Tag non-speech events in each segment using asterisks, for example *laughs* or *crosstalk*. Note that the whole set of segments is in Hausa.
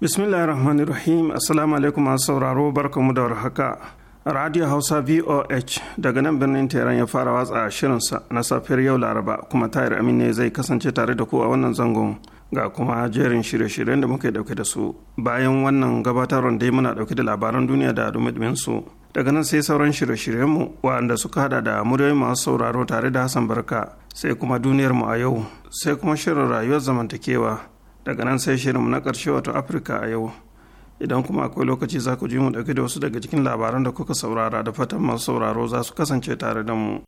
bismillahirrahmanirrahim rahim assalamu alaikum masu sauraro barkamu da warhaka radio hausa voh daga nan birnin tehran ya fara watsa shirinsa na safiyar yau laraba kuma tayar amin ne zai kasance tare da ku a wannan zangon ga kuma jerin shirye-shiryen da muke dauke da su bayan wannan gabatarwar dai muna dauke da labaran duniya da dumin su daga nan sai sauran shirye-shiryenmu waɗanda suka hada da muryoyi masu sauraro tare da hassan barka sai kuma duniyarmu a yau sai kuma shirin rayuwar zamantakewa daga nan sai shirinmu na ƙarshe wato afirka a yau idan kuma akwai lokaci za ku ji mu ɗauki da wasu daga cikin labaran da kuka saurara da fatan masu sauraro za su kasance tare da mu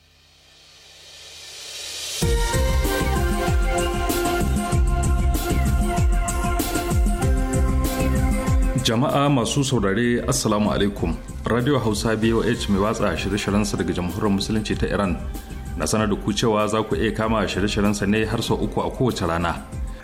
jama'a masu saurare assalamu alaikum radio hausa boh mai watsa shirye sa daga jamhuriyar musulunci ta iran na sanar da ku cewa za ku iya kama shirye sa ne har sau uku a kowace rana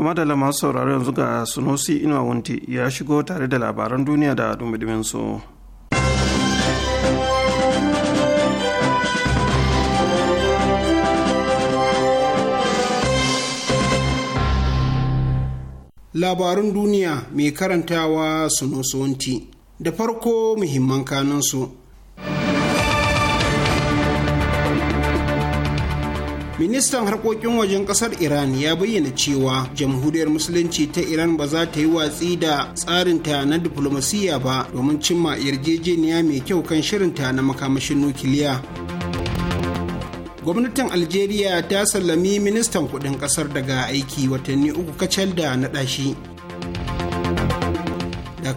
To madalla masu sauraro yanzu ga sunosi Inuwa Wunti ya shigo tare da labaran duniya da dumidimin su. Labarun duniya mai karantawa sunosi Wunti. Da farko muhimman kanunsu. ministan harkokin wajen kasar iran ya bayyana cewa jamhuriyar musulunci ta iran ba za ta yi watsi da tsarinta na diflomasiyya ba domin cimma yarjejeniya mai kyau kan shirinta na makamashin nukiliya gwamnatin algeria ta sallami ministan kudin kasar daga aiki watanni uku kacal da na ɗashi.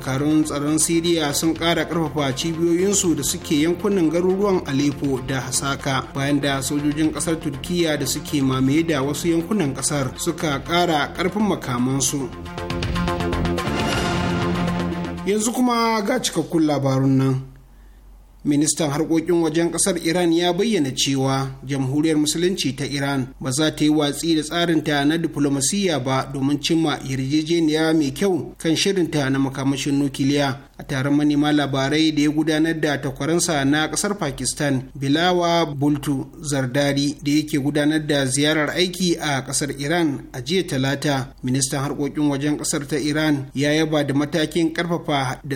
dakarun tsaron siriya sun ƙara ƙarfafa cibiyoyinsu da suke yankunan garuruwan aleppo da hasaka bayan da sojojin ƙasar turkiya da suke mamaye da wasu yankunan ƙasar suka ƙara ƙarfin makamansu yanzu kuma ga cikakkun labarun nan ministan harkokin wajen kasar iran ya bayyana cewa jamhuriyar musulunci ta iran ba za ta yi watsi da tsarinta na diflomasiyya ba domin cimma yarjejeniya mai kyau kan shirinta na makamashin nukiliya a taron manema labarai da ya gudanar da takwaransa na kasar pakistan bilawa bultu zardari da yake gudanar da ziyarar aiki a kasar iran a jiya talata ministan harkokin wajen kasar ta iran ya yaba da matakin karfafa da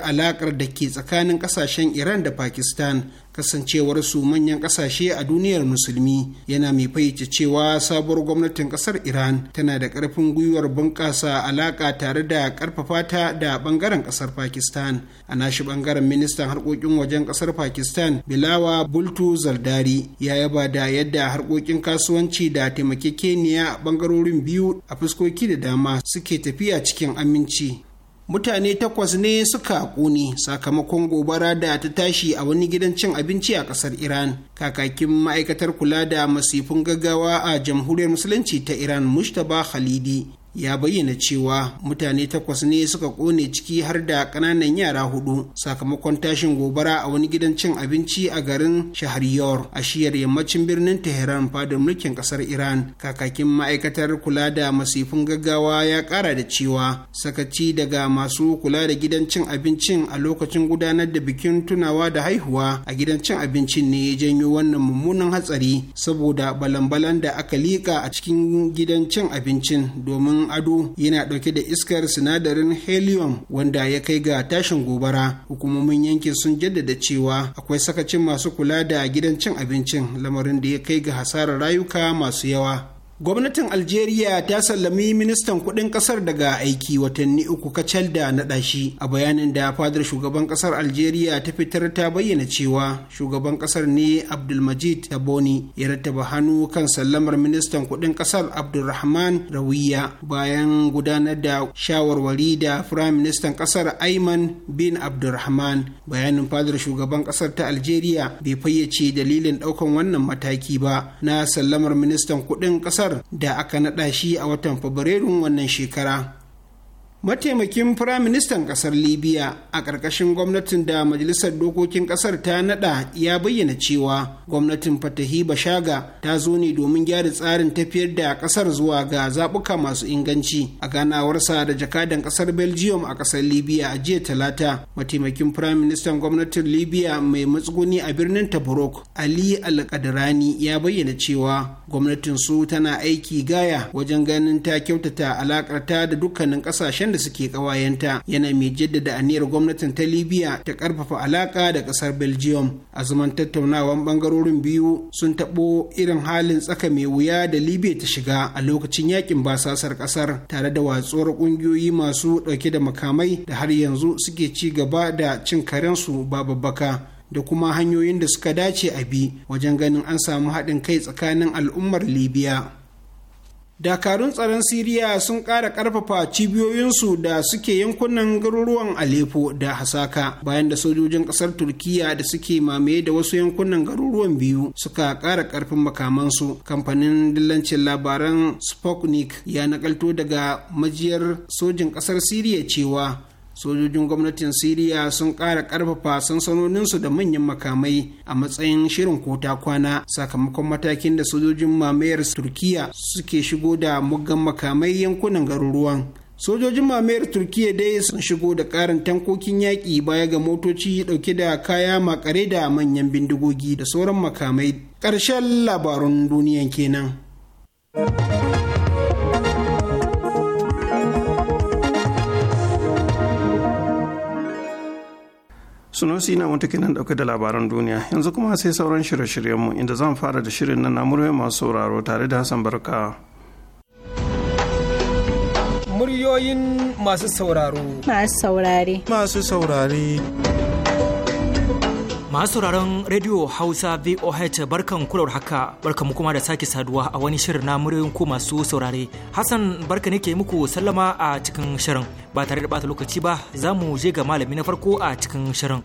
alaƙar da ke tsakanin kasashen iran da pakistan kasancewarsu manyan kasashe a duniyar musulmi yana mai fayyace cewa sabuwar gwamnatin kasar iran tana da karfin gwiwar bunƙasa alaƙa tare da ƙarfafa ta da ɓangaren ƙasar pakistan a nashi ɓangaren ministan harkokin wajen ƙasar pakistan bilawa bultu Zardari ya yaba da yadda harkokin kasuwanci da taimakekeniya a ɓangarorin biyu a fuskoki da dama suke tafiya cikin aminci mutane takwas ne suka kuni sakamakon gobara da ta tashi a wani gidan cin abinci a ƙasar iran kakakin ma'aikatar kula da masifin gaggawa a jamhuriyar musulunci ta iran mustapha khalidi ya bayyana cewa mutane takwas ne suka kone ciki har da kananan yara hudu sakamakon tashin gobara a wani gidan cin abinci a garin shahariyar a shiyar yammacin birnin tehran fadar mulkin ƙasar iran kakakin ma'aikatar kula da masifin gaggawa ya kara da cewa sakaci daga masu kula da gidan cin abincin a lokacin gudanar da bikin tunawa da haihuwa a gidan cin abincin ne ya janyo wannan mummunan hatsari saboda balan-balan da aka liƙa a cikin gidan cin abincin domin ado yana ɗauke da iskar sinadarin helium wanda ya kai ga tashin gobara hukumomin yanki sun jaddada cewa akwai sakacin masu kula da gidan cin abincin lamarin da ya kai ga hasarar rayuka masu yawa gwamnatin algeria ta sallami ministan kudin kasar daga aiki watanni uku kacal da naɗa shi a bayanin da fadar shugaban kasar algeria ta fitar ta bayyana cewa shugaban kasar ne abdulmajid taboni ya rattaba hannu kan sallamar ministan kudin kasar abdulrahman rawiya bayan gudanar da shawarwari da firayim ministan kasar ayman bin abdulrahman bayanin fadar shugaban kasar ta algeria bai fayyace dalilin ɗaukan wannan mataki ba na sallamar ministan kudin kasar da aka naɗa shi a watan fabrairun wannan shekara mataimakin firaministan kasar libya a ƙarƙashin gwamnatin da majalisar dokokin ƙasar ta nada ya bayyana cewa gwamnatin fatahi bashaga ta zo ne domin gyara tsarin tafiyar da ƙasar zuwa ga zaɓuka masu inganci a ganawarsa da jakadan ƙasar belgium a ƙasar libya a jiya talata mataimakin firaministan gwamnatin libya mai matsuguni a birnin tabarok ali alkadarani ya bayyana cewa gwamnatin su tana aiki gaya wajen ganin ta kyautata alaƙarta da dukkanin ƙasashen da suke ƙawayenta yana mai jaddada aniyar gwamnatin ta libya ta ƙarfafa alaƙa da ƙasar belgium a zaman tattaunawan ɓangarorin biyu sun taɓo irin halin tsaka mai wuya da libya ta shiga a lokacin yakin basasar ƙasar tare da watsuwar ƙungiyoyi masu ɗauke da makamai da har yanzu suke ci gaba da cin karensu ba babbaka da kuma hanyoyin da suka dace a bi wajen ganin an samu haɗin kai tsakanin al'ummar libya dakarun tsaron siriya sun ƙara ƙarfafa cibiyoyinsu da suke yankunan garuruwan aleppo da hasaka bayan da sojojin ƙasar turkiya da suke mamaye da wasu yankunan garuruwan biyu suka ƙara ƙarfin makamansu kamfanin dillancin labaran sputnik ya nakalto daga majiyar sojin ƙasar siriya cewa sojojin gwamnatin siriya sun ƙara ƙarfafa sansanoninsu da manyan makamai a matsayin shirin kota kwana sakamakon matakin da sojojin mamayar turkiya suke shigo da muggan makamai yankunan garuruwan sojojin mamayar turkiya dai sun shigo da karin tankokin yaƙi baya ga motoci ɗauke da kaya makare da manyan bindigogi da sauran makamai karshen labarun duniyan kenan. sunusi na wata kenan dauke da labaran duniya yanzu kuma sai sauran shirye-shiryenmu inda zan fara da shirin nan na murya masu sauraro tare da hassan barka muryoyin masu sauraro masu saurare masu saurare Masu sauraron Radio Hausa VOH barkan kular haka barkan kuma da sake saduwa a wani shirin na muryoyin ku masu saurare. Hassan barka ne ke muku sallama a cikin shirin ba tare da bata lokaci ba za mu je ga malami na farko a cikin shirin.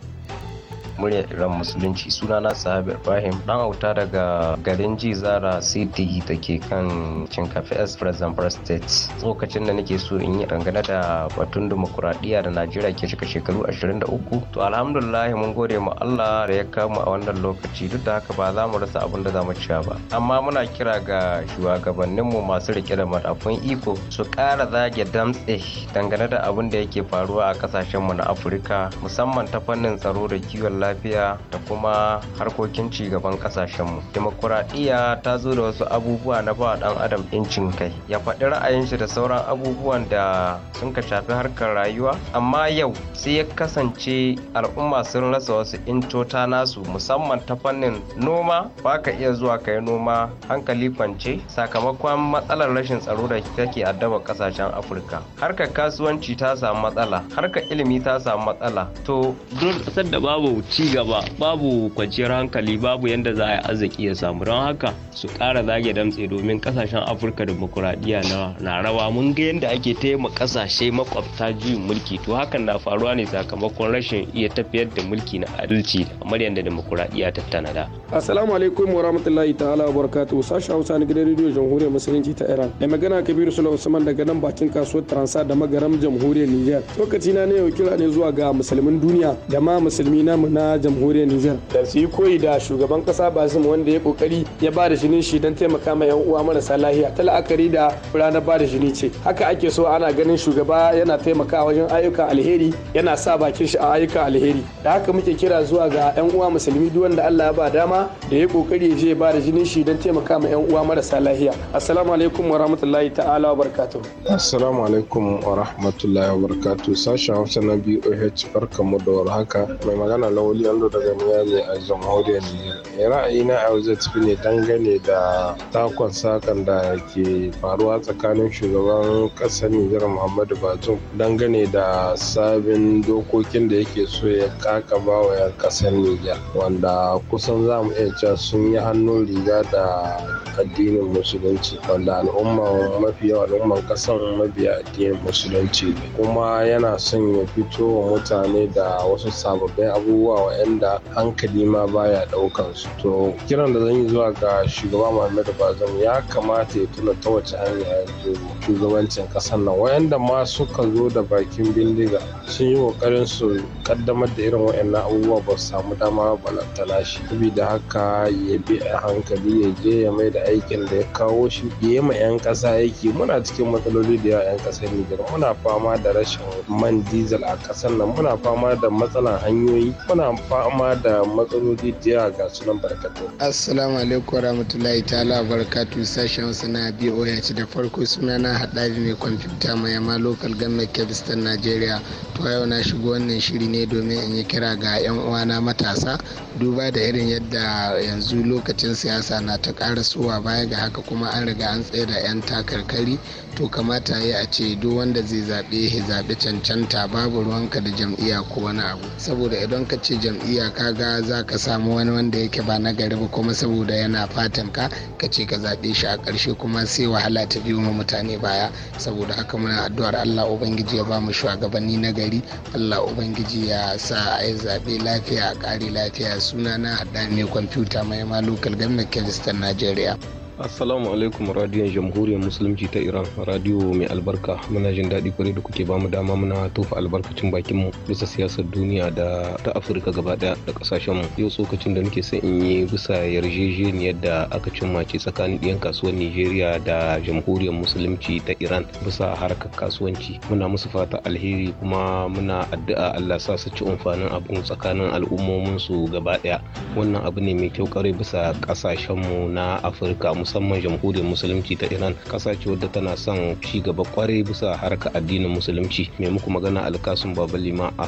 muryar iran musulunci suna na sahabi ibrahim dan auta daga garin jizara city da ke kan cinkafi President zamfara state tsokacin da nake so in yi dangane da batun dimokuraɗiyya da najeriya ke cika shekaru 23 to alhamdulillah mun gode mu allah da ya kama a wannan lokaci duk da haka ba za mu rasa abin da za mu ci ba amma muna kira ga shugabanninmu masu rike da madafun iko su ƙara zage damtse dangane da abin da yake faruwa a mu na afirka musamman ta fannin tsaro da kiwon lafiya lafiya da kuma harkokin ci gaban kasashenmu demokuraɗiyya ta zo da wasu abubuwa na ba dan adam incin kai ya faɗi ra'ayin shi da sauran abubuwan da sun ka shafi harkar rayuwa amma yau sai ya kasance al'umma sun rasa wasu intota nasu musamman ta fannin noma ba ka iya zuwa ka yi noma hankali kwance sakamakon matsalar rashin tsaro da take addaba kasashen afirka harkar kasuwanci ta samu matsala harkar ilimi ta samu matsala to duk da babu ci gaba babu kwanciyar hankali babu yadda za a yi arziki ya samu don haka su kara zage damtse domin kasashen afirka demokuraɗiyya na rawa mun ga yadda ake taima kasashe makwabta juyin mulki to hakan na faruwa ne sakamakon rashin iya tafiyar da mulki na adalci da kamar yadda demokuraɗiyya ta tanada. assalamu alaikum wa rahmatullahi ta'ala wa barakatuhu sashen hausa na gidan rediyo jamhuriyar musulunci ta iran da magana kabiru sula usman daga nan bakin kasuwar transa da magaram jamhuriyar niger lokaci na ne yau kira ne zuwa ga musulmin duniya da ma musulmi na jamhuriyar Nijar. Da su yi koyi da shugaban kasa Basim wanda ya kokari ya ba da jinin shi don taimaka ma yan uwa marasa lahiya ta la'akari da ranar ba da jini ce. Haka ake so ana ganin shugaba yana taimaka wajen ayyukan alheri yana sa bakin shi a ayyukan alheri. Da haka muke kira zuwa ga yan uwa musulmi duk wanda Allah ya ba dama da ya kokari ya je ba da jinin shi don taimaka ma yan uwa marasa lahiya. Assalamu alaikum wa rahmatullahi ta'ala wa barakatuh. Assalamu alaikum wa rahmatullahi wa barakatuh. Sashen Hausa na BOH barkamu da warhaka. Mai magana Lawal Lawali daga Miami a jamhuriyar Nijar. Eh, ra'ayina a wajen tafi ne dangane da takon sakan da ke faruwa tsakanin shugaban ƙasar Nijar Muhammadu Bazoum dangane da sabin dokokin da yake so ya ba wa 'yan ƙasar Nijar wanda kusan za mu iya cewa sun yi hannun riga da addinin musulunci wanda al'umma mafi yawa al'umman ƙasar mabiya addinin musulunci kuma yana son ya fito wa mutane da wasu sababbin abubuwa yawa wa'anda hankali ma baya ɗaukan su to kiran da zan yi zuwa ga shugaba muhammadu bazum ya kamata ya tuna ta wace hanya ya zo shugabancin ƙasar nan wa'anda ma suka zo da bakin bindiga sun yi ƙoƙarin su kaddamar da irin waɗannan abubuwa ba su samu dama balantana shi saboda haka ya bi a hankali ya je ya mai da aikin da ya kawo shi ya yi ma 'yan ƙasa aiki muna cikin matsaloli da yawa 'yan ƙasar Nijar muna fama da rashin man diesel a ƙasar nan muna fama da matsalan hanyoyi muna fama da matsaloli da yawa ga sunan barkatu. Assalamu alaikum wa rahmatullahi ta'ala barkatu sashen Hausa na BOA ce da farko suna na haɗari ne kwamfuta mai yama local government Kebistan Najeriya to yau na shigo wannan shiri ne ne domin in yi kira ga 'yan uwana matasa duba da irin yadda yanzu lokacin siyasa na ta kara suwa baya ga haka kuma an riga an tsaye da 'yan takarkari to kamata yi a ce duk wanda zai zaɓe ya zaɓi cancanta babu ruwanka da jam'iyya ko wani abu saboda idan ka ce jam'iyya ga za ka samu wani wanda yake ba na gari ba kuma saboda yana fatan ka ka ce ka zaɓe shi a karshe kuma sai wahala ta biyo ma mutane baya saboda haka muna addu'ar Allah Ubangiji ya ba mu shugabanni na gari Allah Ubangiji ya sa a yi zaɓe lafiya a ƙari lafiya sunana haɗa mai kwamfuta mai ma lokal gwamnan kebistan najeriya Assalamu alaikum radiyon jamhuriyar musulunci ta Iran radiyo mai albarka muna jin daɗi kwarai da kuke bamu dama muna tofa albarkacin bakinmu bisa siyasar duniya da ta Afirka gaba daya da kasashen mu yau tsokacin da nake son in yi bisa yarjejeniyar da aka cimma ce tsakanin ɗiyan kasuwar Nijeriya da jamhuriyar musulunci ta Iran bisa harkar kasuwanci muna musu fata alheri kuma muna addu'a Allah sa su ci amfanin abun tsakanin al'ummomin su gaba daya wannan abu ne mai kyau kwarai bisa kasashen na Afirka musamman jamhuriyar musulunci ta iran kasa ce wadda tana son ci gaba kwarai bisa harka addinin musulunci mai muku magana alkasun babalima a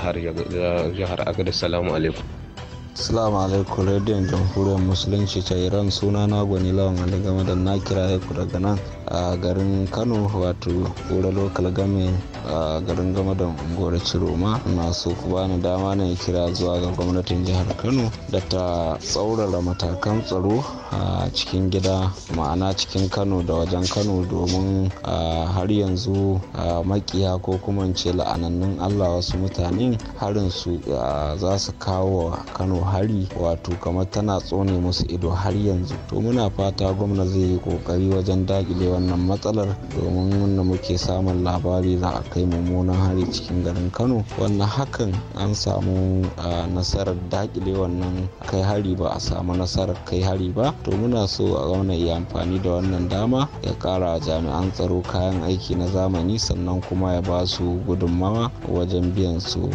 jihar agadar salamu alaikum Assalamu alaikum radiyon jamhuriyar musulunci ta Iran suna na gwani lawan wani game da na kira haiku daga nan a garin Kano wato Kura lokal Game a garin game da unguwar Ciroma na so ku bani dama na kira zuwa ga gwamnatin jihar Kano da ta tsaurara matakan tsaro a cikin gida ma'ana cikin Kano da wajen Kano domin har yanzu makiya ko kuma ce la'anannun Allah wasu mutane harin su za su kawo Kano hari wato kamar tana tsone musu ido har yanzu to muna fata gwamna zai yi kokari wajen dakile wannan matsalar domin wanda muke samun labari za a kai mummunan hari cikin garin kano wannan hakan an samu nasarar dakile wannan kai hari ba a samu nasarar kai hari ba to muna so a gwamna ya amfani da wannan dama ya kara jami'an tsaro kayan aiki na zamani sannan kuma ya ba su gudunmawa wajen biyan su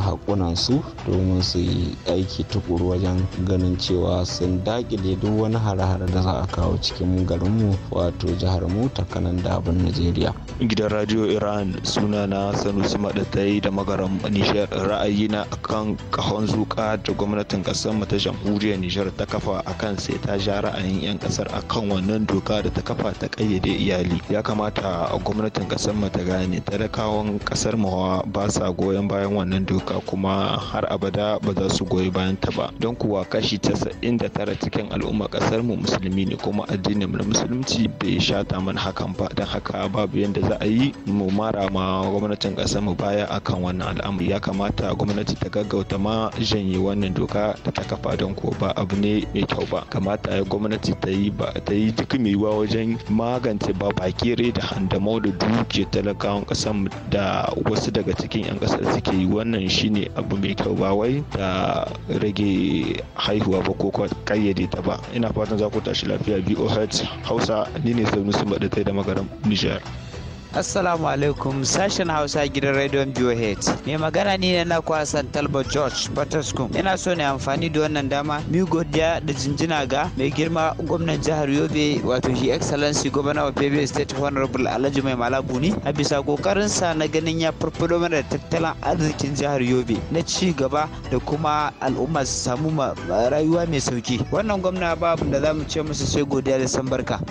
hakunan su domin su yi aiki tukuru wajen ganin cewa sun dakile duk wani hare-hare da za a kawo cikin garinmu wato jihar mu ta kanan dabin najeriya gidan radio iran suna na sanusi madadai da magaran nishar ra'ayina kan kahon zuka da gwamnatin ƙasar mu ta jamhuriyar nishar ta kafa akan sai ta ja ra'ayin 'yan ƙasar akan wannan doka da ta kafa ta ƙayyade iyali ya kamata gwamnatin ƙasar mu ta gane talakawan ƙasar mu ba sa goyon bayan wannan doka kuma har abada ba za su goyi bayan ta ba don kuwa kashi casa'in da cikin al'umma kasar mu musulmi ne kuma addinin mu na musulunci bai shata mana hakan ba don haka babu yadda za a yi mu mara ma gwamnatin kasar mu baya akan wannan al'amari ya kamata gwamnati ta gaggauta ma janye wannan doka da ta kafa don ko ba abu ne mai kyau ba kamata ya gwamnati ta yi ba ta yi duk mai yiwuwa wajen magance ba re da handamau da duke talakawan kasar mu da wasu daga cikin 'yan kasar suke yi wannan shine abu mai kyau ba wai da rage haihuwa ba ko kayyade ta ba ina fatan za ku tashi lafiya boh hausa ni ne sanusi baɗatai da magaram nijar Assalamu alaikum sashen Hausa gidan Radio BOH. Mai magana ni ne na kwasan Talba George Bataskum. Ina so ne amfani da wannan dama mi godiya da jinjina ga mai girma gwamnan jihar Yobe wato His Excellency Governor of Yobe State Honorable Alhaji Mai Malabuni a bisa kokarin sa na ganin ya farfado mana tattalin arzikin jihar Yobe na ci gaba da kuma al'umma su samu rayuwa mai sauki. Wannan gwamna babu da mu ce musu sai godiya da san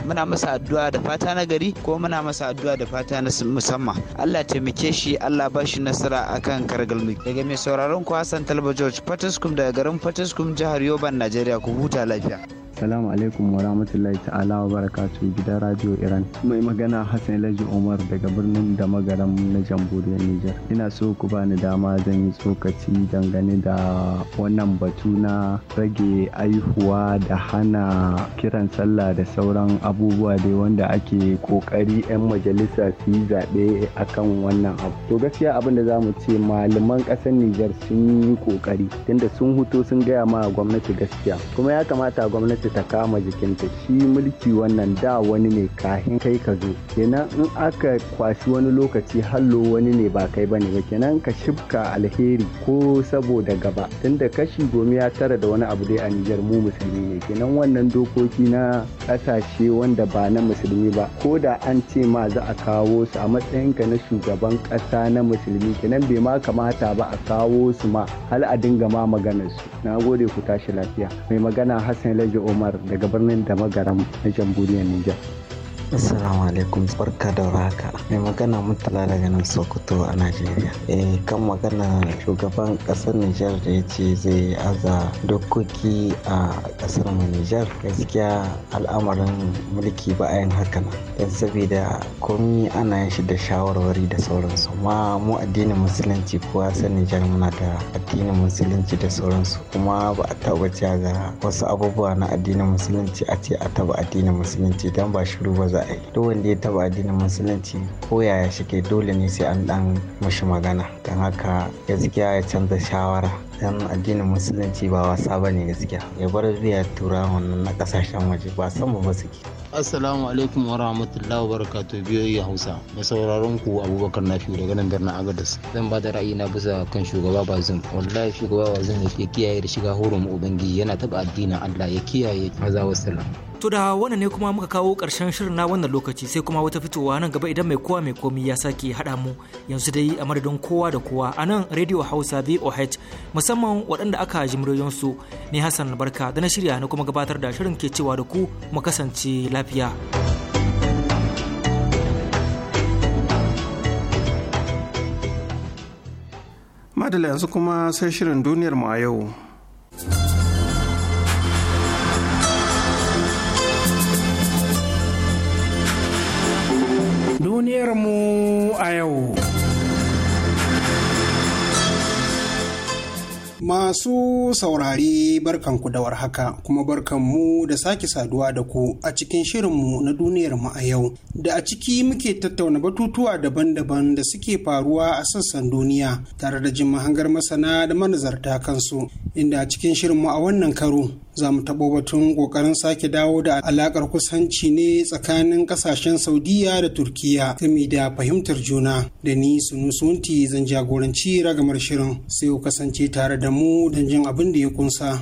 Muna masa addu'a da fata na gari kuma muna masa addu'a da fata bukata na musamman Allah taimake shi Allah ba shi nasara akan kargalmi daga mai sauraron ku Hassan Talba George daga garin patiskum jihar Yoban Najeriya ku huta lafiya Salamu alaikum wa rahmatullahi ta'ala wa barakatuhu gidan Radio Iran. Mai magana Hassan Laji Umar daga birnin da magaram na jamhuriyar Nijar. Ina so ku bani dama zan yi tsokaci dangane da wannan batu na rage aihuwa da hana kiran sallah da sauran abubuwa dai wanda ake kokari 'yan majalisa su yi zaɓe akan wannan abu. To gaskiya abin da za mu ce malaman ƙasar Nijar sun yi kokari tunda sun huto sun gaya ma gwamnati gaskiya. Kuma ya kamata gwamnati gwamnati ta kama jikinta shi mulki wannan da wani ne kahin kai ka zo kenan in aka kwashi wani lokaci hallo wani ne ba kai bane ba kenan ka shibka alheri ko saboda gaba tunda kashi gomi ya tara da wani abu dai a Nijar mu musulmi ne kenan wannan dokoki na kasashe wanda ba na musulmi ba ko da an ce ma za a kawo su a matsayin ka na shugaban kasa na musulmi kenan bai ma kamata ba a kawo su ma hal a dinga ma maganar su na gode ku tashi lafiya mai magana Hassan Lajo umar daga birnin Damagaram magaram na jamhuriyar nijar Assalamu alaikum barka da haka. Mai magana Murtala daga nan Sokoto a Najeriya. Eh kan magana shugaban kasar Nijar da ya ce zai aza dokoki a kasar mu Nijar. Gaskiya al'amarin mulki ba a yin haka na. Dan saboda komi ana yin shi da shawarwari da sauransu. Ma mu addinin musulunci kuwa san Nijar muna da addinin musulunci da sauransu. Kuma ba a taɓa ga wasu abubuwa na addinin musulunci a ce a taba addinin musulunci dan ba shiru ba za za duk wanda ya taba addinin musulunci ko yaya shike dole ne sai an dan mashi magana don haka gaskiya ya canza shawara dan addinin musulunci ba wasa bane gaskiya ya bar tura wannan na kasashen waje ba sama ba suke Assalamu alaikum wa rahmatullahi wa barakatuh biyoyi Hausa. da sauraron ku Abubakar na fiye daga nan birnin Agadas. Zan ba da ra'ayi na bisa kan shugaba bazin Wallahi shugaba ne ya kiyaye da shiga horon Ubangiji yana taɓa addinin Allah ya kiyaye maza wasu To da wannan ne kuma muka kawo karshen shirin na wannan lokaci sai kuma wata fitowa nan gaba idan mai kowa mai komi ya sake haɗa mu yanzu dai a madadin kowa da kowa a nan Radio Hausa VOH musamman waɗanda aka ji su ne Hassan Barka da na shirya na kuma gabatar da shirin ke cewa da ku mu kasance lafiya. Madalla yanzu kuma sai shirin duniyar mu a yau. mu a yau. Masu saurare barkanku da warhaka kuma barkanmu da sake saduwa da ku a cikin shirinmu na duniyarmu a yau da a ciki muke tattauna batutuwa daban-daban da suke faruwa a sassan duniya tare da jin mahangar masana da manazarta kansu inda a cikin shirinmu a wannan karo za mu taɓo batun ƙoƙarin sake dawo da alaƙar kusanci ne tsakanin ƙasashen Saudiyya da turkiya gami da fahimtar juna da ni sunusunti zan jagoranci ragamar shirin sai ku kasance tare da mu don jin abin da ya kunsa.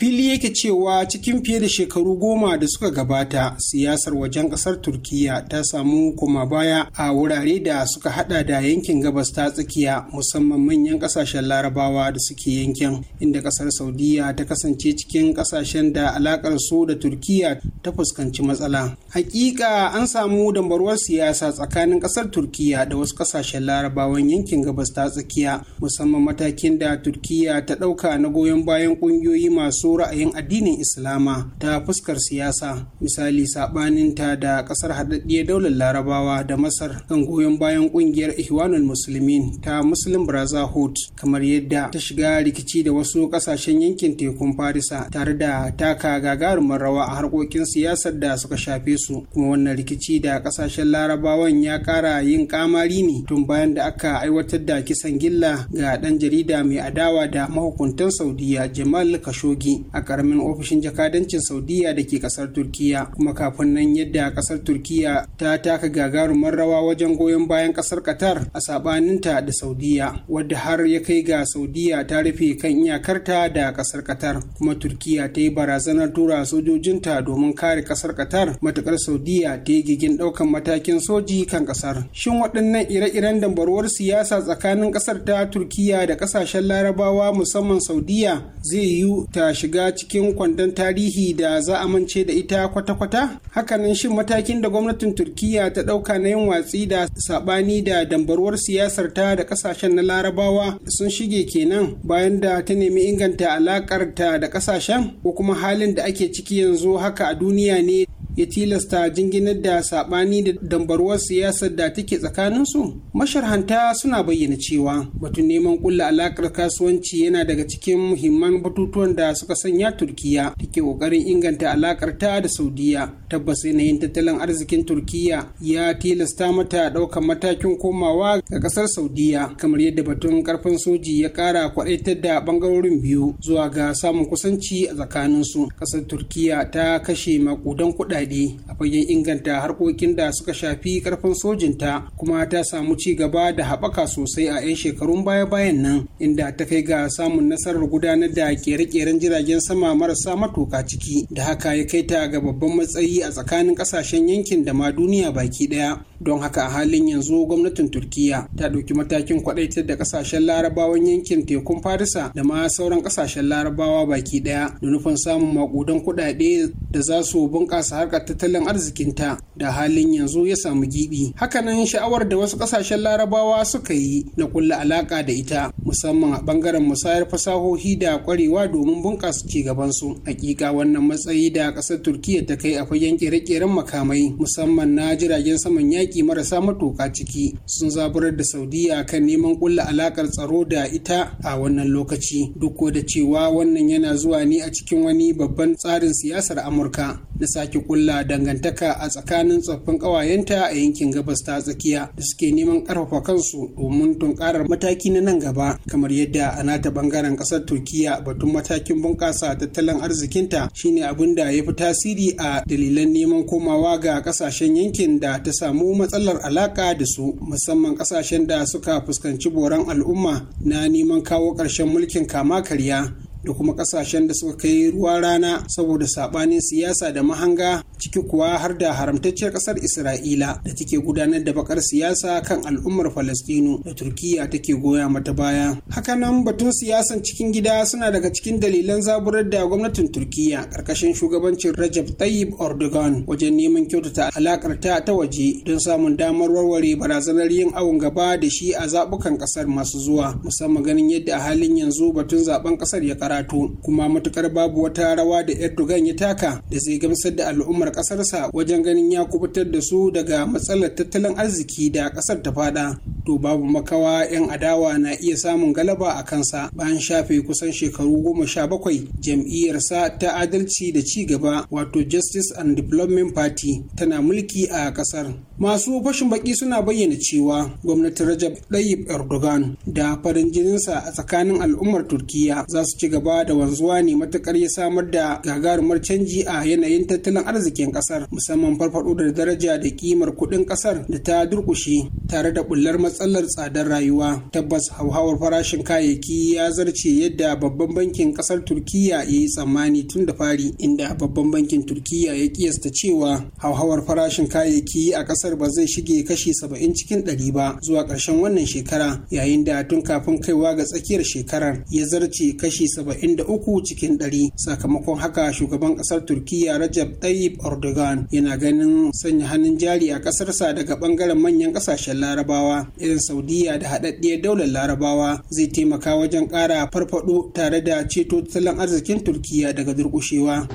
fili yake cewa cikin fiye da shekaru goma da suka gabata siyasar wajen kasar turkiya ta samu koma baya a wurare da suka hada da yankin gabas ta tsakiya musamman manyan kasashen larabawa da suke yankin inda kasar saudiya ta kasance cikin kasashen da alakar su da turkiya ta fuskanci matsala hakika an samu dambarwar siyasa tsakanin kasar turkiya da wasu kasashen larabawan yankin gabas ta tsakiya musamman matakin da turkiya ta dauka na goyon bayan kungiyoyi masu ra'ayin addinin islama ta fuskar siyasa misali saɓaninta da kasar haɗaɗɗiyar daular larabawa da masar kan goyon bayan ƙungiyar ihwanul musulmin ta muslim brotherhood kamar yadda ta shiga rikici da wasu ƙasashen yankin tekun farisa tare da taka gagarumar rawa a harkokin siyasar da suka shafe su kuma wannan rikici da ƙasashen larabawan ya ƙara yin kamari ne tun bayan da aka aiwatar da kisan gilla ga ɗan jarida mai adawa da mahukuntan saudiya jamal kashogi. a karamin ofishin jakadancin saudiya da ke kasar turkiya kuma kafin nan yadda kasar turkiya ta taka gagarumar rawa wajen goyon bayan kasar qatar a sabaninta da saudiya wadda har ya kai ga saudiya ta rufe kan iyakarta da kasar qatar kuma turkiya ta yi barazanar tura sojojinta domin kare kasar qatar matukar saudiya ta yi gigin daukan matakin soji kan kasar shin waɗannan ire-iren dambarwar siyasa tsakanin kasar ta turkiya da ƙasashen larabawa musamman saudiya zai yi ta shiga shiga cikin kwandon tarihi da za a mance da ita kwata-kwata? Hakanan shin matakin da gwamnatin Turkiyya ta ɗauka na yin watsi da saɓani da dambarwar siyasar ta da ƙasashen na Larabawa sun shige kenan bayan da ta nemi inganta alaƙar ta da ƙasashen ko kuma halin da ake ciki yanzu haka a duniya ne ya tilasta jinginar da sabani da dambarwar siyasa da take tsakaninsu masharhanta suna bayyana cewa batun neman kulla alakar kasuwanci yana daga cikin muhimman batutuwan da suka sanya turkiya take kokarin inganta alakar ta da saudiya tabbas yanayin tattalin arzikin turkiya ya tilasta mata ɗaukar matakin komawa ga ƙasar saudiya kamar yadda batun karfin soji ya ƙara kwaɗaitar da ɓangarorin biyu zuwa ga samun kusanci a tsakaninsu ƙasar turkiya ta kashe makudan kuɗa kudade a fagen inganta harkokin da suka shafi karfin sojinta kuma ta samu ci gaba da haɓaka sosai a 'yan shekarun baya-bayan nan inda ta kai ga samun nasarar gudanar da kere-keren jiragen sama marasa matuka ciki da haka ya kai ta ga babban matsayi a tsakanin ƙasashen yankin da ma duniya baki ɗaya don haka a halin yanzu gwamnatin turkiya ta ɗauki matakin kwaɗaitar da ƙasashen larabawan yankin tekun farisa da ma sauran ƙasashen larabawa baki ɗaya da nufin samun maƙudan kuɗaɗe da za su bunƙasa alaƙar tattalin arzikinta da halin yanzu ya samu gibi hakanan sha'awar da wasu ƙasashen larabawa suka yi na kulla alaƙa da ita musamman a ɓangaren musayar fasahohi da ƙwarewa domin bunƙasa ci gaban su, hakika wannan matsayi da ƙasar turkiya ta kai akwai fagen kere-keren makamai musamman na jiragen saman yaƙi marasa matuƙa ciki sun zaburar da saudiya kan neman kulla alaƙar tsaro da ita a wannan lokaci duk da cewa wannan yana zuwa ne a cikin wani babban tsarin siyasar amurka na sake kula kulla dangantaka a tsakanin tsoffin kawayenta a yankin gabas ta tsakiya da suke neman ƙarfafa kansu domin tunkarar mataki na nan gaba kamar yadda a nata bangaren ƙasar turkiya batun matakin bunƙasa tattalin arzikinta shine abin da ya fi tasiri a dalilan neman komawa ga ƙasashen yankin da ta samu matsalar alaƙa da su musamman ƙasashen da suka fuskanci boran al'umma na neman kawo ƙarshen mulkin kama karya da kuma kasashen da suka kai ruwa rana saboda sabanin siyasa da mahanga ciki kuwa har da haramtacciyar kasar isra'ila da take gudanar da bakar siyasa kan al'ummar falastinu da turkiya take goya mata baya hakanan batun siyasan cikin gida suna daga cikin dalilan zaburar da gwamnatin turkiya karkashin shugabancin rajab tayyib erdogan wajen neman kyautata alakar ta ta waje don samun damar warware barazanar yin awon gaba da shi a zabukan kasar masu zuwa musamman ganin yadda a halin yanzu batun zaben kasar ya karatu kuma matukar babu wata rawa da Erdogan ya taka da zai gamsar da al'ummar kasarsa wajen ganin ya kubutar da su daga matsalar tattalin arziki da kasar ta fada to babu makawa 'yan adawa na iya samun galaba a kansa bayan shafe kusan shekaru goma sha bakwai jam'iyyar sa ta adalci da ci gaba wato justice and development party tana mulki a kasar masu fashin baki suna bayyana cewa gwamnatin rajab ɗayyib erdogan da farin jininsa a tsakanin al'ummar turkiya za su ci gaba gaba da wanzuwa ne matukar ya samar da gagarumar canji a yanayin tattalin arzikin kasar musamman farfado da daraja da kimar kuɗin kasar da ta durkushe tare da bullar matsalar tsadar rayuwa tabbas hauhawar farashin kayayyaki ya zarce yadda babban bankin kasar turkiya ya yi tsammani tun da fari inda babban bankin turkiya ya kiyasta cewa hauhawar farashin kayayyaki a kasar ba zai shige kashi saba'in cikin ɗari ba zuwa ƙarshen wannan shekara yayin da tun kafin kaiwa ga tsakiyar shekarar ya zarce kashi 70 73 cikin 100 sakamakon haka shugaban kasar turkiya rajab tayyip erdogan yana ganin sanya hannun jari a kasarsa daga bangaren manyan kasashen larabawa irin saudiya da haɗaɗɗiyar daular larabawa zai taimaka wajen ƙara farfaɗo tare da ceto tattalin arzikin turkiya daga durƙushewa.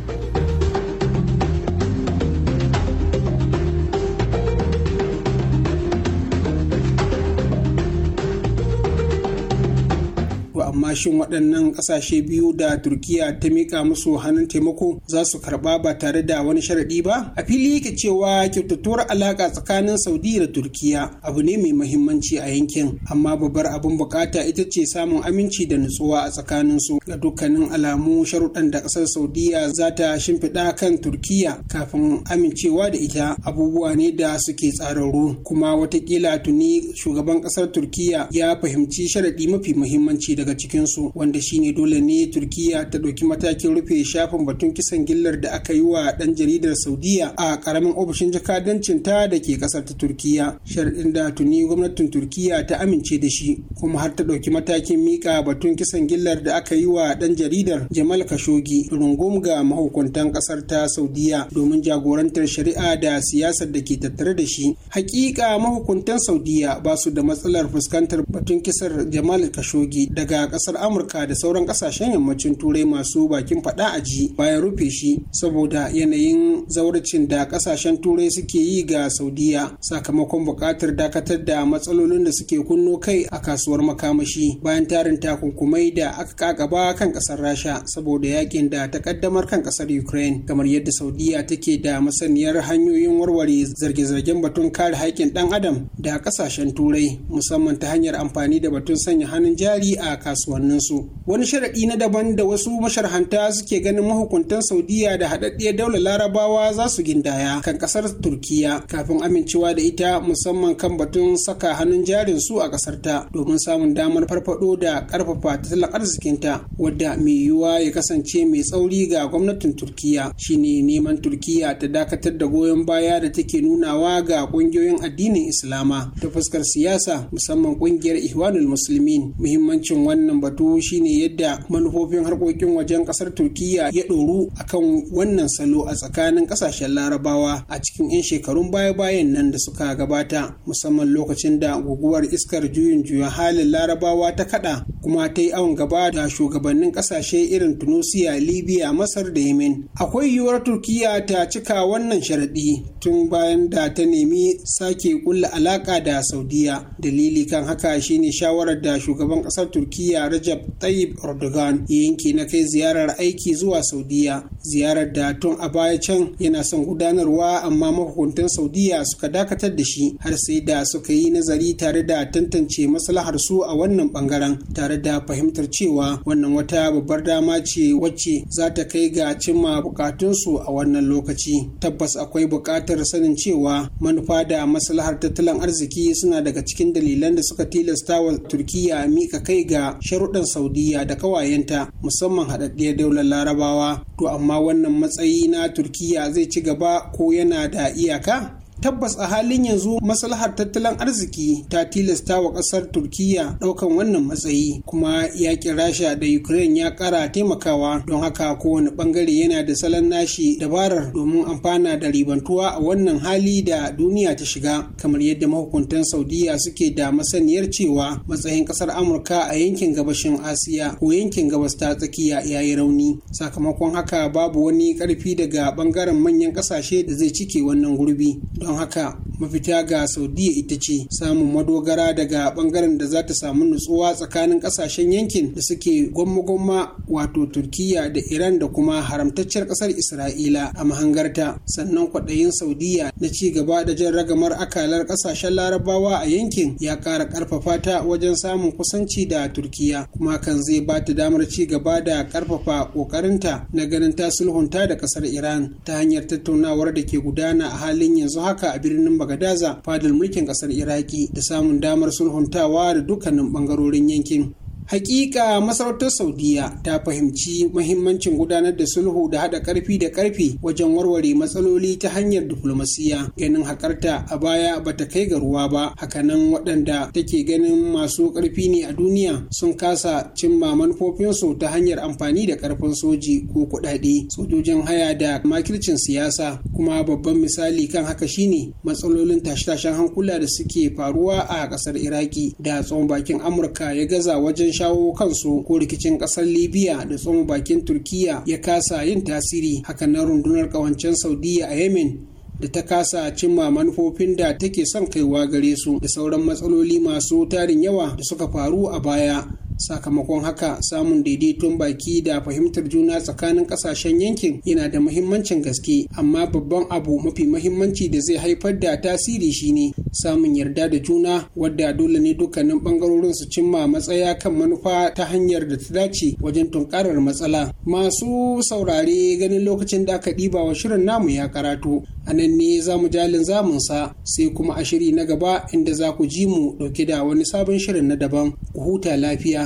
amma shin waɗannan ƙasashe biyu da turkiya ta mika musu hannun taimako za su karɓa ba tare da wani sharaɗi ba a fili yake cewa kyautatuwar alaƙa tsakanin saudi da turkiya abu ne mai mahimmanci a yankin amma babbar abin bukata ita ce samun aminci da nutsuwa a tsakanin su ga dukkanin alamu sharuɗan da ƙasar saudiya za ta shimfiɗa kan turkiya kafin amincewa da ita abubuwa ne da suke tsararru kuma watakila tuni shugaban ƙasar turkiya ya fahimci sharaɗi mafi muhimmanci daga cikinsu wanda shine dole ne turkiya ta ɗauki matakin rufe shafin batun kisan gillar da aka yi wa ɗan jaridar saudiya a ƙaramin ofishin jakadancin ta da ke ƙasar ta turkiya sharɗin da tuni gwamnatin turkiya ta amince da shi kuma har ta ɗauki matakin mika batun kisan gillar da aka yi wa ɗan jaridar jamal kashogi rungum ga mahukuntan ƙasar ta saudiya domin jagorantar shari'a da siyasar da ke tattare da shi hakika mahukuntan saudiya ba su da matsalar fuskantar batun kisar jamal kashogi daga kasar amurka da sauran kasashen yammacin turai masu bakin fada a ji bayan rufe shi saboda yanayin zauracin da kasashen turai suke yi ga saudiya sakamakon buƙatar dakatar da matsalolin da suke kunno kai a kasuwar makamashi bayan tarin takunkumai da aka kakaba kan kasar rasha saboda yakin da ta ƙaddamar kan kasar ukraine kamar yadda saudiya take da masaniyar hanyoyin warware zarge-zargen batun kare haƙƙin ɗan adam da kasashen turai musamman ta hanyar amfani da batun sanya hannun jari a kasuwar su. wani sharaɗi na daban da wasu masharhanta suke ganin mahukuntan saudiya da haɗaɗɗiyar daular larabawa za su gindaya kan ƙasar turkiya kafin amincewa da ita musamman kan batun saka hannun jarin su a ƙasar ta domin samun damar farfaɗo da ƙarfafa tattalin arzikinta wadda mai yiwuwa ya kasance mai tsauri ga gwamnatin turkiya shine neman turkiya ta dakatar da goyon baya da take nunawa ga ƙungiyoyin addinin islama ta fuskar siyasa musamman ƙungiyar ihwanul musulmin muhimmancin wannan wannan batu shine yadda manufofin harkokin wajen kasar turkiya ya ɗoru akan wannan salo a tsakanin kasashen larabawa a cikin 'yan shekarun baya-bayan nan da suka gabata musamman lokacin da guguwar iskar juyin juya halin larabawa ta kada kuma ta yi awon gaba da shugabannin kasashe irin tunisia libya masar da yemen akwai yiwuwar turkiya ta cika wannan sharaɗi tun bayan da ta nemi sake kulla alaƙa da saudiya dalili kan haka shine shawarar da shugaban kasar turkiya turkiya rajab tayyip erdogan ya na kai ziyarar aiki zuwa saudiya ziyarar da tun a baya can yana son gudanarwa amma mahukuntan saudiya suka dakatar da shi har sai da suka yi nazari tare da tantance maslahar su a wannan bangaren tare da fahimtar cewa wannan wata babbar dama ce wacce za ta kai ga cimma bukatunsu a wannan lokaci tabbas akwai bukatar sanin cewa manufa da maslahar tattalin arziki suna daga cikin dalilan da suka tilasta wa turkiya mika kai ga sharuɗan saudiya da kawayenta musamman haɗaɗɗiyar daular larabawa to amma amma wannan matsayi na turkiya zai ci gaba ko yana da iyaka tabbas a halin yanzu maslahar tattalin arziki ta tilasta wa kasar turkiya daukan wannan matsayi kuma yakin rasha da ukraine ya kara taimakawa don haka kowane bangare yana da salon nashi dabarar domin amfana da ribantuwa a wannan hali da duniya ta shiga kamar yadda mahukuntan saudiya suke da masaniyar cewa matsayin kasar amurka a yankin gabashin asiya ko yankin gabas ta tsakiya ya yi rauni sakamakon haka babu wani karfi daga bangaren manyan kasashe da zai cike wannan gurbi don haka mafita ga saudiya ita ce samun madogara daga bangaren da za ta samu nutsuwa tsakanin kasashen yankin da suke gwamma-gwamma wato turkiya da iran da kuma haramtacciyar kasar isra'ila a mahangarta sannan kwaɗayin saudiya na ci gaba da jan ragamar akalar kasashen larabawa a yankin ya ƙara ƙarfafa ta wajen samun kusanci da turkiya kuma kan zai ba ta damar ci gaba da ƙarfafa ƙoƙarinta na ganin ta sulhunta da kasar iran ta hanyar tattaunawar da ke gudana a halin yanzu haka haka a birnin bagadaza fadar mulkin kasar iraki da samun damar sulhuntawa da dukkanin bangarorin yankin hakika masarautar saudiya ta fahimci muhimmancin gudanar da sulhu da hada karfi da karfi wajen warware matsaloli ta hanyar diflomasiya ganin hakarta a baya ba ta kai ga ruwa ba hakanan waɗanda take ganin masu karfi ne a duniya sun kasa cimma manufofinsu ta hanyar amfani da karfin soji ko kuɗaɗe sojojin haya da makircin siyasa kuma babban misali kan haka shine matsalolin tashe-tashen hankula da suke faruwa a ƙasar iraki da tsohon bakin amurka ya gaza wajen shawo kansu ko rikicin ƙasar libya da tsoma bakin turkiya ya kasa yin tasiri haka na rundunar ƙawancen saudiya a yemen da ta kasa cimma manufofin da take son kaiwa gare su da sauran matsaloli masu tarin yawa da suka faru a baya sakamakon haka samun daidaiton baki da fahimtar juna tsakanin kasashen yankin yana da muhimmancin gaske amma babban abu mafi muhimmanci da zai haifar da tasiri shine samun yarda da juna wadda dole ne dukkanin bangarorin su cimma matsaya kan manufa ta hanyar da ta dace wajen tunkarar matsala masu saurare ganin lokacin da aka ɗiba wa shirin namu ya karatu a nan ne za mu jalin zamunsa sai kuma a shiri na gaba inda za ku ji mu ɗauke da wani sabon shirin na daban ku huta lafiya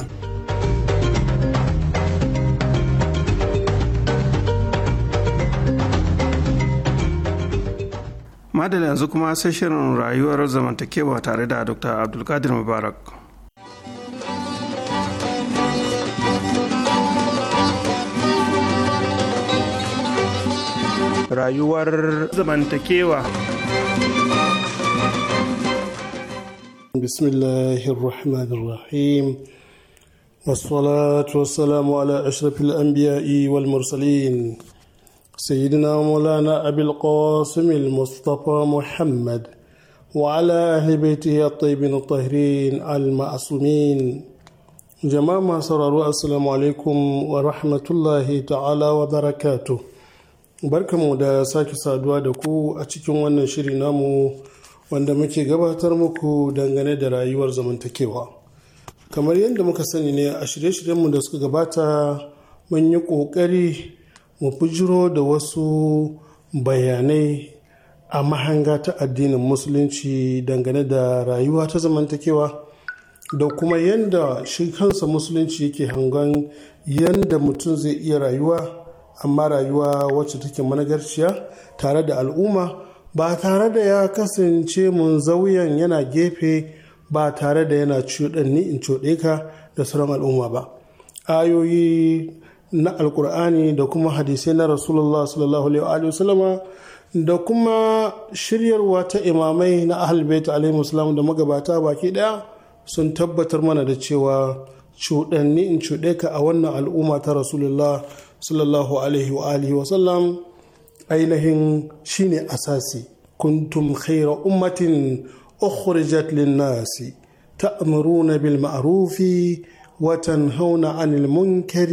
iran yanzu kuma sai shirin rayuwar zamantakewa tare da dr abdulkadir mubarak rayuwar zamantakewa bismillahirrahmanirrahim والصلاة والسلام على أشرف الأنبياء والمرسلين سيدنا مولانا أبي القاسم المصطفى محمد وعلى أهل بيته الطيبين الطاهرين المعصومين جماعة سرارو السلام عليكم ورحمة الله تعالى وبركاته barkamu da sake saduwa da ku a cikin wannan shiri namu wanda muke gabatar muku dangane da rayuwar zamantakewa. kamar yadda muka sani ne a shirye-shiryenmu da suka gabata mun yi ƙoƙari mu fujiro da wasu bayanai a mahanga ta addinin musulunci dangane da rayuwa ta zamantakewa da kuma yadda shi kansa musulunci yake hangon yadda mutum zai iya rayuwa amma rayuwa wacce take managarciya tare da al'umma ba tare da ya kasance mun zauyan yana gefe ba tare da yana cuɗanni in cuɗe ka da sauran al'umma ba ayoyi na alkur'ani da kuma hadisai na rasulullah sallallahu alaihi wasallama da kuma shiryarwa ta imamai na ahalbait alaihi musulam da magabata baki daya sun tabbatar mana da cewa cuɗanni in cuɗe ka a wannan al'umma ta rasulullah sallallahu alaihi wa alihi sallam ainihin shine asasi kuntum khaira ummatin أخرجت للناس تأمرون بالمعروف وتنهون عن المنكر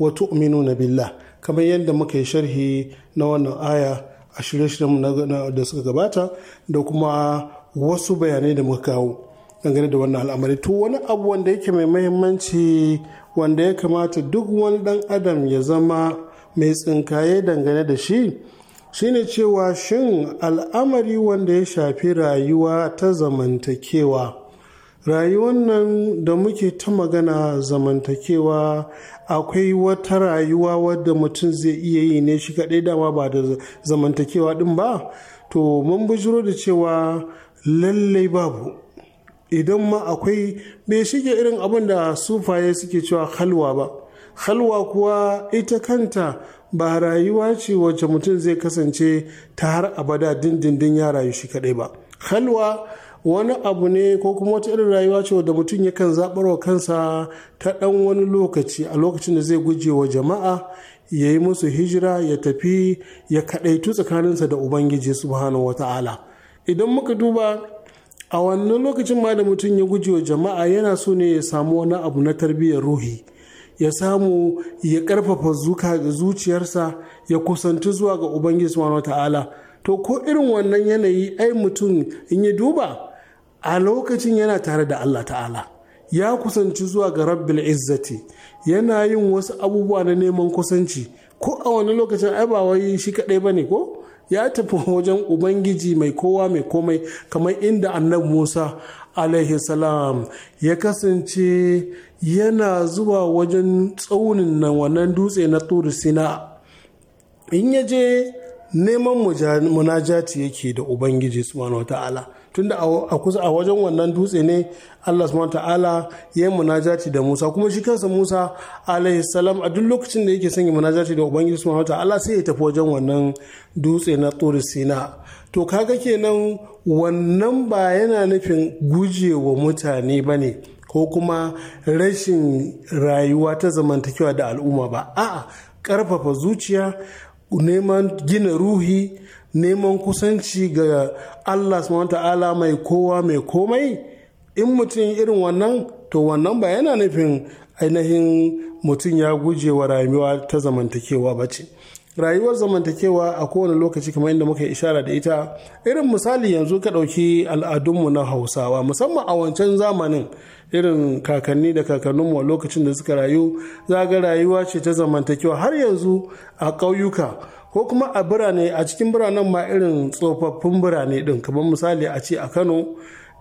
وتؤمنون بالله كما يند مكي شره نوانا آية aya da suka gabata da kuma wasu bayanai da muka kawo dangane da wannan al'amari to wani abu wanda yake mai mahimmanci wanda ya kamata duk wani dan adam ya zama mai tsinkaye dangane da shi shine cewa shin al'amari wanda ya shafi rayuwa ta zamantakewa rayuwar nan da muke ta magana zamantakewa akwai wata rayuwa wadda mutum zai iya yi ne shi kaɗai dama ba da zamantakewa ɗin ba to mun bujiro da cewa lallai babu idan ma akwai bai shige irin abin da sufaye suke cewa halwa ba halwa kuwa ita kanta ba rayuwa ce wacce mutum zai kasance ta har abada dindindin ya rayu shi kadai ba halwa wani abu ne ko kuma wata irin rayuwa ce wadda mutum yakan zaɓar wa kansa ta ɗan wani lokaci a lokacin da zai guje wa jama'a ya yi musu hijira ya tafi ya kaɗaitu tsakaninsa da ubangiji subhanahu ta'ala. idan muka duba a wannan lokacin ma da mutum ya guje wa jama'a yana so ne ya samu wani abu na tarbiyyar ruhi ya samu ya karfafa zuciyarsa ya kusanci zuwa ga ubangiji subhanahu ta'ala to ko irin wannan yanayi ai mutum in yi duba a lokacin yana tare da Allah ta'ala ya kusanci zuwa ga rabbil izzati yana yin wasu abubuwa na neman kusanci ko a wani lokacin ai ba wai shi kadai bane ko ya tafi *laughs* wajen ubangiji mai kowa mai komai kamar inda annabi musa alaihi salam ya kasance yana zuwa wajen tsaunin nan wannan dutse na turu sina in ya je neman munajati yake da ubangiji subhanahu wata'ala tunda a kusa a wajen wannan dutse ne Allah subhanahu ta'ala ya yi munajati da Musa kuma shi kansa Musa alaihi salam a duk lokacin da yake sanya munajati da ubangiji subhanahu ta'ala sai ya tafi wajen wannan dutse na turu sina to kaga kenan wannan ba yana nufin gujewa mutane ba ne. ko kuma rashin rayuwa ta zamantakewa da al'umma ba a'a ƙarfafa zuciya neman gina ruhi neman kusanci ga allah ta'ala mai kowa mai komai in mutum irin wannan to wannan ba yana nufin ainihin mutum ya guje wa rayuwa ta zamantakewa ba ce rayuwar zamantakewa a kowane lokaci kamar yadda muka ishara da ita irin misali yanzu ka ɗauki al'adunmu na hausawa musamman a wancan zamanin irin kakanni da kakanninmu a lokacin da suka rayu zaga rayuwa ce ta zamantakewa har yanzu a ƙauyuka ko kuma a birane a cikin biranen ma irin tsofaffin birane din kamar misali a ce a kano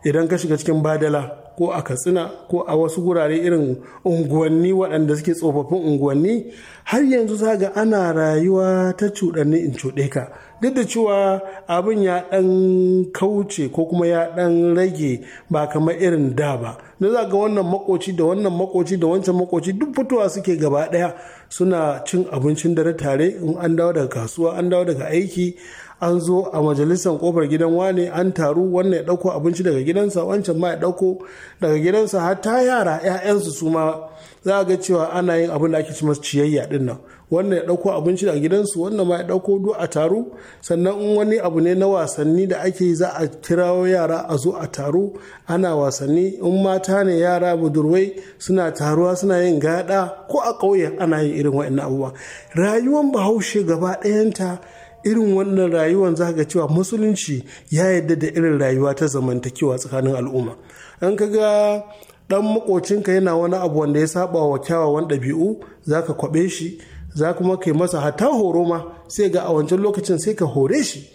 idan ka shiga cikin badala ko a katsina ko a wasu gurare irin unguwanni waɗanda suke tsofaffin unguwanni har yanzu za ga ana rayuwa ta cuɗanni in cuɗe ka duk da cewa abin ya ɗan kauce ko kuma ya ɗan rage ba kama irin da ba na za ga wannan makoci da wannan makoci da wancan makoci duk fitowa suke gaba ɗaya suna cin abincin dare tare in an dawo daga kasuwa an dawo daga aiki an zo a majalisar kofar gidan wane an taru wannan ya ɗauko abinci daga gidansa wancan ma ya ɗauko daga gidansa hatta yara 'ya'yansu su ma za ga cewa ana yin abin da ake ci masu ciyayya din nan wannan ya ɗauko abinci daga gidansu wannan ma ya ɗauko duk a taru sannan in wani abu ne na wasanni da ake za a kirawo yara a zo a taru ana wasanni in mata ne yara budurwai suna taruwa suna yin gada ko a ƙauyen ana yin irin wa'annan abubuwa rayuwar bahaushe gaba ɗayanta irin wannan rayuwan za ga cewa musulunci ya yadda da irin rayuwa ta zamantakewa tsakanin al'umma an ka ga dan makocinka yana wani abu wanda ya saba wa kyawawan ɗabi'u za ka kwaɓe shi za kuma kai masa hata horo ma sai ga a wancan lokacin sai ka hore shi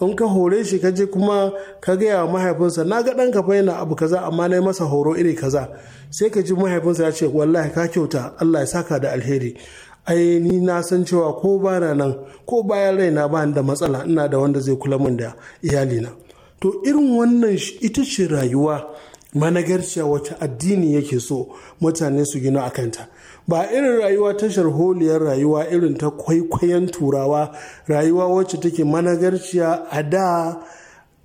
in ka hore shi ka je kuma ka gaya wa mahaifinsa na ga ɗanka fa yana abu kaza amma na yi masa horo iri kaza sai ka ji mahaifinsa ya ce wallahi ka kyauta Allah ya saka da alheri ai ni na san cewa ko ba na nan ko bayan raina ba da matsala ina da wanda zai kula min da iyalina to irin wannan ita ce rayuwa managarciya wacce addini yake so mutane su gina a kanta ba irin rayuwa ta sharholiyar rayuwa irin ta kwaikwayon turawa rayuwa wacce take managarciya a da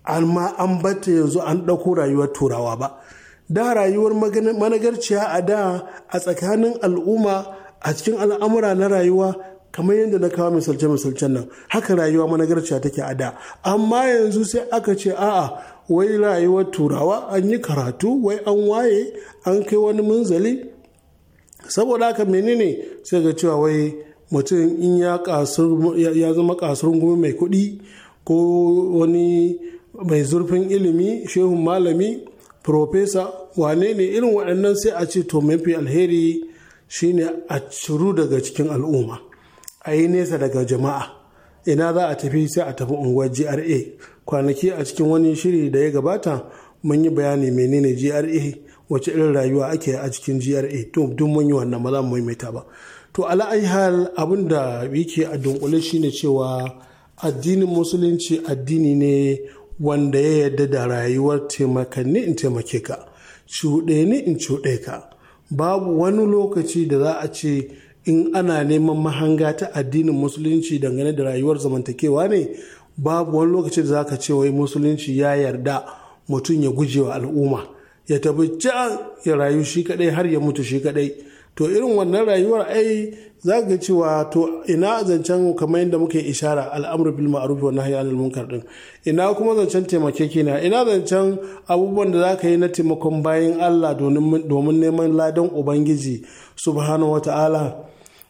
amma an bata yanzu an ɗauko rayuwar turawa ba da rayuwar managarciya a da a tsakanin al'umma a cikin al'amura na rayuwa kamar yadda na kawo misalce-misalcen nan haka rayuwa managarciya take a da amma yanzu sai aka ce a'a wai rayuwar turawa an yi karatu wai an waye an kai wani munzali saboda haka menene sai ga cewa wai mutum in ya zama kasar gumi mai kuɗi ko wani mai zurfin ilimi shehun malami profesa wane ne irin waɗannan sai a ce to mafi alheri shine a ciru daga cikin al'umma a yi nesa daga jama'a ina za a tafi sai a tafi unguwar gra kwanaki a cikin wani shiri da ya gabata mun yi bayani menene gra wace irin rayuwa ake a cikin gra to duk mun yi wannan ba za mu maimaita ba to ala hal abin da yake a dunkule shine cewa addinin musulunci addini ne wanda ya yarda da rayuwar taimakanni in taimake ka cuɗe ni in cuɗe ka babu wani lokaci da za a ce in ana neman mahanga ta addinin musulunci dangane da rayuwar zamantakewa ne babu wani lokaci da za ka ce wai musulunci ya yarda mutum ya gujewa al'umma ya tafi can ya rayu shi kadai har ya mutu shi kadai to irin wannan rayuwar ai za ga cewa to ina zancen kamar yadda muke ishara al'amur bil ma'ruf wa nahyi anil munkar din ina kuma zancen taimakekeniya ina zancen abubuwan da zaka yi na taimakon bayan Allah domin neman ladan ubangiji subhanahu wa ta'ala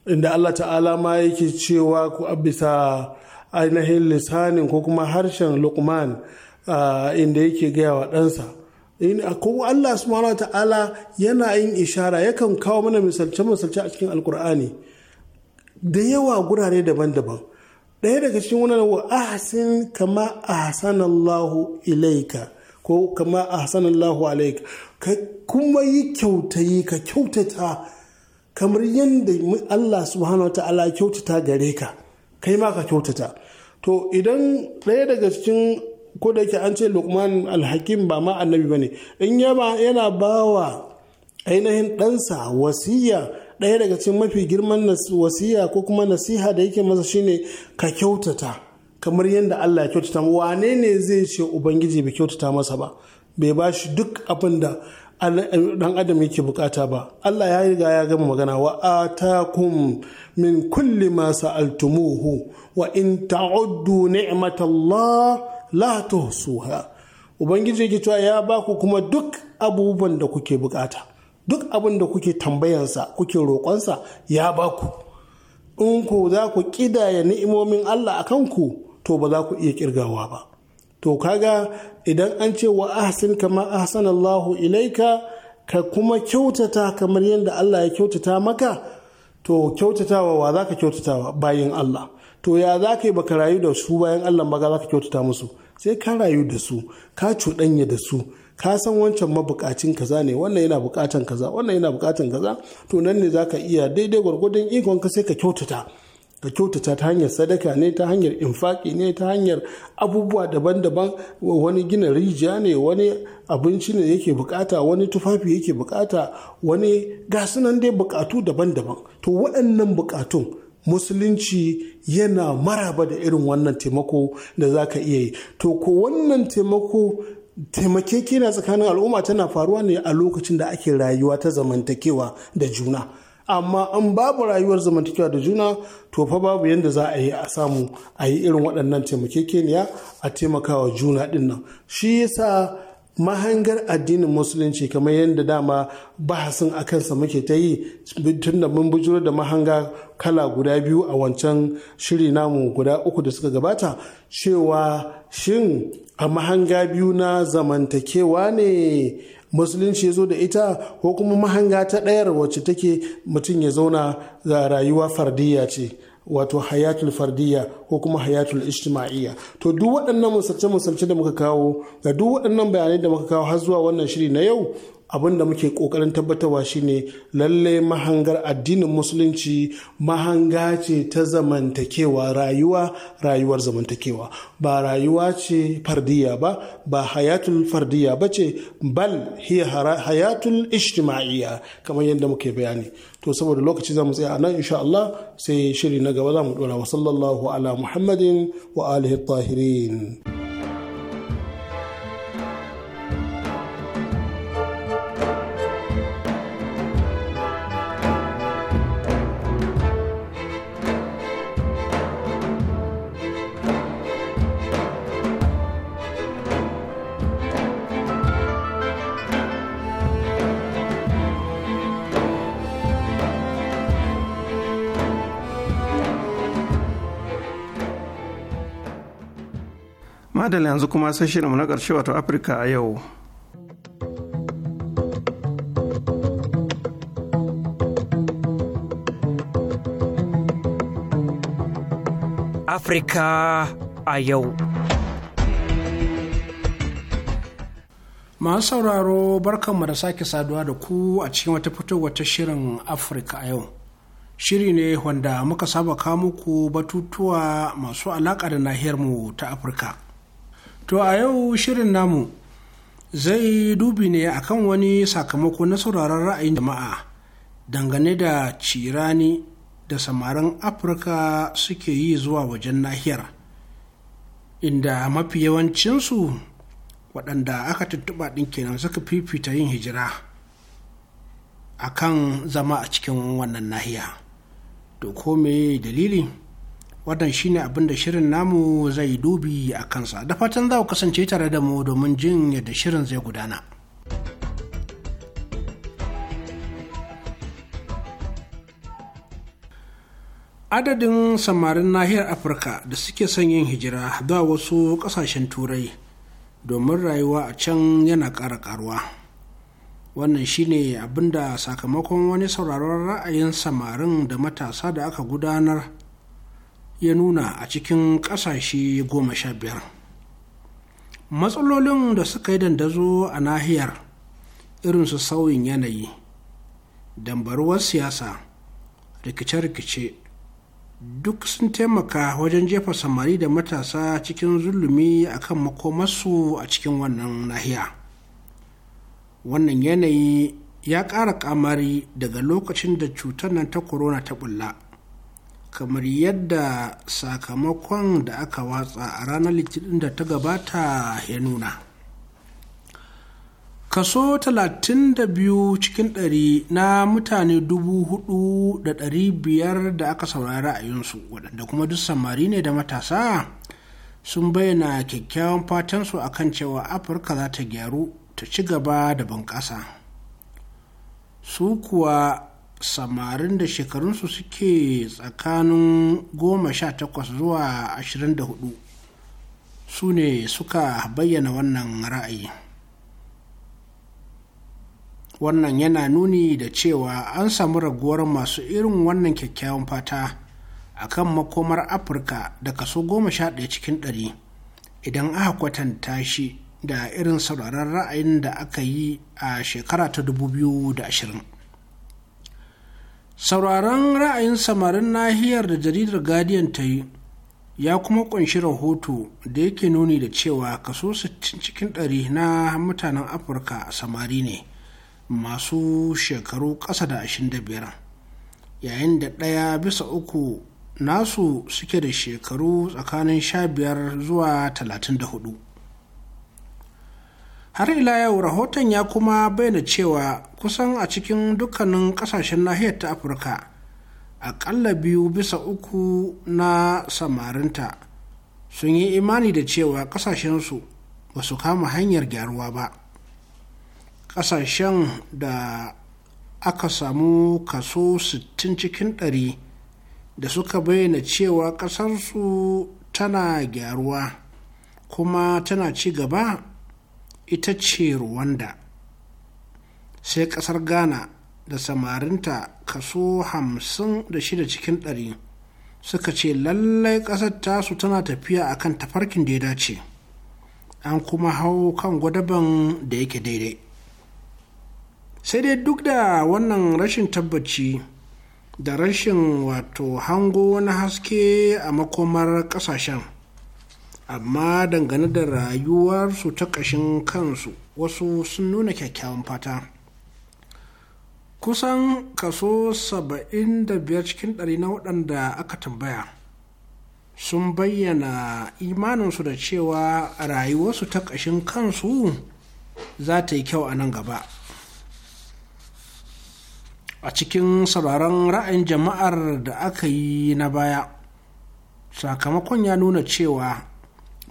inda Allah ta'ala ma yake cewa ku abisa ainihin lisanin ko kuma harshen lukman ah, inda yake gaya wa ɗansa ko Allah subhanahu ta'ala yana yin ishara yakan kawo mana misalce misalce a cikin alkur'ani da yawa gurare daban-daban ɗaya daga cikin wannan wa ahsin kama ahsanallahu ilaika ko kama ahsanallahu alaika ka kuma yi kyautayi ka kyautata kamar yadda Allah subhanahu ta'ala kyautata gare ka kai ma ka kyautata to idan ɗaya daga cikin ko da yake an ce lukman alhakim ba ma annabi bane in yaba yana bawa ainihin ɗansa wasiya ɗaya daga cikin mafi girman wasiya ko kuma nasiha da yake masa shine ka kyautata kamar yadda Allah ya kyautata wane ne zai ce ubangiji bai kyautata masa ba bai ba shi duk abin da dan adam yake bukata ba Allah ya riga ya gama magana wa atakum min kulli ma sa'altumuhu wa in ta'uddu ni'matallahi la tuhsuha ubangiji yake cewa ya baku kuma duk abubuwan da kuke bukata duk abin da kuke tambayansa kuke roƙonsa ya baku in ku za ku kidaya ni'imomin Allah a kanku to ba za ku iya kirgawa ba to kaga idan an ce wa ahsin kama ahsanallahu ilaika ka kuma kyautata kamar yadda Allah ya kyautata maka to kyautatawa wa za ka kyautatawa bayin Allah to ya za ka yi baka rayu da su bayan allah ba za ka kyautata musu sai ka rayu da su ka cuɗanya da su ka san wancan mabukacin kaza ne wannan yana bukatan kaza wannan yana bukatan kaza to nan ne za ka iya daidai gwargwadon ikon ka sai ka kyautata ka kyautata ta hanyar sadaka ne ta hanyar infaki ne ta hanyar abubuwa daban-daban wani gina rijiya ne wani abinci ne yake bukata wani tufafi yake bukata wani gasunan dai bukatu daban-daban to waɗannan bukatun musulunci yana maraba da irin wannan taimako da za ka iya yi to ko wannan taimako taimakekena tsakanin al'umma tana faruwa ne a lokacin da ake rayuwa ta zamantakewa da juna amma an babu rayuwar zamantakewa da juna to fa babu yadda za a yi a samu a yi irin waɗannan taimakekeniya a taimakawa juna ɗin nan shi yasa mahangar addinin musulunci kamar yadda dama bahasin a kansa muke ta yi da mun bujiro da mahanga kala guda biyu a wancan shiri namu guda uku da suka gabata cewa shin a mahanga biyu na zamantakewa ne musulunci ya zo da ita ko kuma mahanga ta ɗayar wacce take mutum ya zauna rayuwa fardiyya ce wato hayatul fardiyya ko kuma hayatul ijtima'iyya to duk waɗannan musalce musalce da muka kawo da duk waɗannan bayanai da muka kawo har zuwa wannan shiri na yau abin da muke kokarin tabbatarwa shine lalle mahangar addinin musulunci mahanga ce ta zamantakewa rayuwa rayuwar zamantakewa ba rayuwa ce fardiya ba ba hayatul fardiya ba ce bal hiya hayatul ijtima'iyya kamar yadda muke bayani to saboda lokaci za mu tsaya a nan insha Allah sai shiri na gaba za mu dora wa sallallahu ala muhammadin wa alihi tahirin madalla yanzu kuma sai shirinmu na ƙarshe wato afirka a yau afirka a yau masu sauraro barkanmu da sake saduwa da ku a cikin wata fitowar ta shirin afirka a yau shiri ne wanda muka saba kamuku batutuwa masu alaƙa da nahiyarmu ta afirka to a yau shirin namu zai dubi ne akan wani sakamako na sauraron ra'ayin jama'a dangane da cirani da samarin afirka suke yi zuwa wajen nahiyar inda mafi yawancinsu waɗanda aka tuntuɓa ɗin kenan suka fifita yin hijira a kan zama a cikin wannan nahiya to ko me dalili wannan shine abin da shirin namu zai dubi a kansa da fatan za ku kasance tare da mu domin jin yadda shirin zai gudana adadin samarin nahiyar afirka da suke son yin hijira zuwa wasu kasashen turai domin rayuwa a can yana ƙara ƙaruwa wannan shine da sakamakon wani sauraron ra'ayin samarin da matasa da aka gudanar ya nuna a cikin ƙasashe goma sha biyar matsalolin da suka yi dandazo a nahiyar irin su sauyin yanayi dambaruwar siyasa rikice-rikice duk sun taimaka wajen jefa samari da matasa cikin zulumi kan makomarsu a cikin wannan nahiya wannan yanayi ya ƙara ƙamari daga lokacin da cutar nan ta corona ta bulla kamar yadda sakamakon da aka watsa a ranar litinin da ta gabata ya nuna kaso 32 cikin ɗari na mutane 4,500 da aka saurari ra'ayinsu waɗanda kuma duk samari ne da matasa sun bayyana kyakkyawan fatansu akan cewa afirka za ta gyaru ta ci gaba da bunƙasa su kuwa samarin da shekarunsu suke tsakanin goma sha takwas zuwa ashirin da hudu su ne suka bayyana wannan ra'ayi wannan yana nuni da cewa an samu raguwar masu irin wannan kyakkyawan fata a kan makomar afirka da kaso goma sha ɗaya cikin ɗari idan aka kwatanta shi da irin sauraron ra'ayin da aka yi a shekara ta 2020 sauraron ra'ayin samarin nahiyar da jaridar guardian ta yi ya kuma kunshi rahoto da yake nuni da cewa kaso 60 cikin ɗari na mutanen afirka samari ne masu shekaru ƙasa da 25 yayin da ɗaya bisa uku nasu suke da shekaru tsakanin 15 zuwa 34 har ila yau rahoton ya kuma bayyana cewa kusan a cikin dukkanin kasashen nahiyar ta afirka aƙalla biyu bisa uku na samarinta sun yi imani da cewa ƙasashensu ba su kama hanyar gyaruwa ba kasashen da aka samu kaso 60 cikin 100 da suka bayyana cewa ƙasarsu tana gyaruwa kuma tana ci gaba ita ce rwanda sai ƙasar ghana da samarinta kaso hamsin 56 cikin ɗari suka ce lallai ƙasar tasu tana tafiya akan tafarkin da ya dace an kuma hau kan gwadaban da yake daidai sai dai duk da wannan rashin tabbaci da rashin wato hango na haske a makomar ƙasashen amma dangane da rayuwarsu ta ƙashin kansu wasu sun nuna kyakkyawan fata kusan kaso 75 cikin ɗari na waɗanda aka tambaya sun bayyana imaninsu da cewa rayuwarsu ta ƙashin kansu za ta yi kyau a nan gaba a cikin sauraron ra'ayin jama'ar da aka yi na baya sakamakon ya nuna cewa